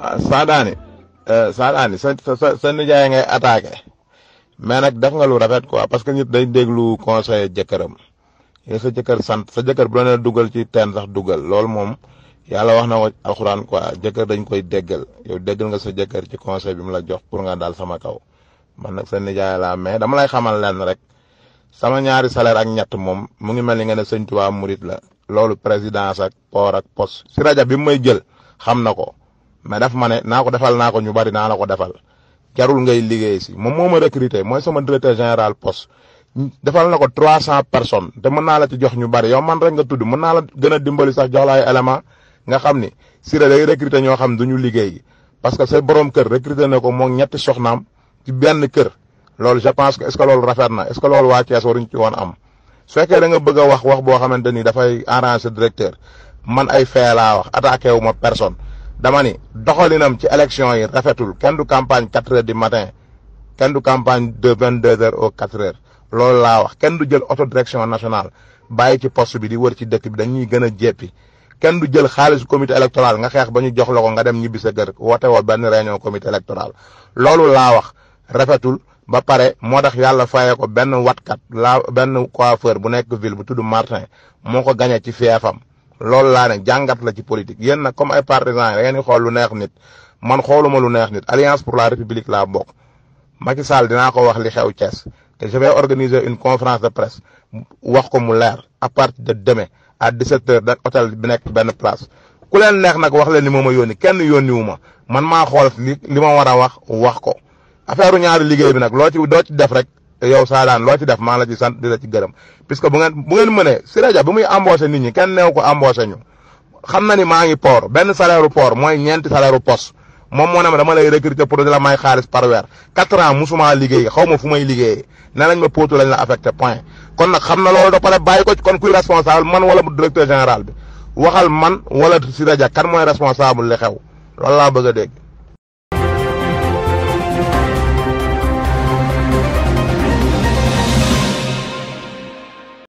ah eh, Saadaani Saadaani sa sa sa nijaay ngay attaqué mais nag def nga lu rafet quoi parce que nit day déglu conseil jëkkëram yéen sa jëkkër sant sa jëkkër bu la nee dugal ci teen sax dugal loolu moom yàlla wax na ko alxuraan quoi jëkkër dañ koy déggal yow déggal nga sa jëkkër ci conseil bi mu la jox pour nga daal sama kaw man nag sa nijaay la mais dama lay xamal len rek sama ñaari salaire ak ñett moom mu ngi mel ni nga ne sëñ Tuubaa murit la loolu présidence ak port ak poste si rajo bi mu may jël xam mais daf ma ne naa ko defal naa ko ñu bari naa la ko defal jarul ngay liggéey si moom moo ma recruter mooy sama directeur général poste defal na ko trois cent personnes te mën naa la ci jox ñu bari yow man rek nga tudd mën naa la gën a dimbali sax jox la ay nga xam ni si Siré day recruter ñoo xam duñu liggéey parce que sa borom kër recruter na ko moom ñetti soxnaam ci benn kër loolu je pense que est rafet na est-ce que loolu waa Thiès waruñ ci woon am su fekkee da bëgg a wax wax boo xamante ni dafay arranger directeur man ay fee laa wax attaqué wu ma personne. dama ni doxalinam ci élection yi rafetul kenn du campagne quatre heures du matin kenn du campagne de vingt deux heures au quatre heures loolu la wax kenn du jël auto direction nationale bàyyi ci poste bi di wër ci dëkk bi dañuy gën a jéppi kenn du jël xaalisu comité électoral nga xeex ba ñu jox la ko nga dem ñibbi sa kër woote woo benn réunion comité électoral loolu laa wax rafetul ba pare moo tax yàlla fayee ko benn watkat la benn coiffeur bu nekk ville bu tudd Martin moo ko gañe ci feefam loolu laa ne jàngat la ci politique yéen nag comme ay partisans da ngeen di xool lu neex nit man xooluma lu neex nit alliance pour la république laa bokk Macky Sall dinaa ko wax li xew Thiès te je vais organiser une conférence de presse wax ko mu leer à partir de demain à 17h da hôtel bi benn place ku leen neex nag wax leen li ma ma yónni kenn yónni wu ma man maa xool li li ma war a wax wax ko u ñaari liggéey bi nag loo ci def rek. yow Saadaan loo ci def maa la ci sant di la ci gërëm puisque bu ngeen bu ngeen mënee Siré Dia bu muy embauché nit ñi kenn neew ko embauché ñu xam na ni maa ngi port benn salaire u mooy ñeenti salaire u poste moom moo ne ma dama lay recruter pour di la may xaalis par weer quatre ma fu may liggéeyee ne lañ ma pootu point kon nag xam na lool da pare bàyyi ko kon kuy responsable man wala directeur général bi waxal man wala Siré Dia kan mooy responsable li xew loolu laa bëgg a dégg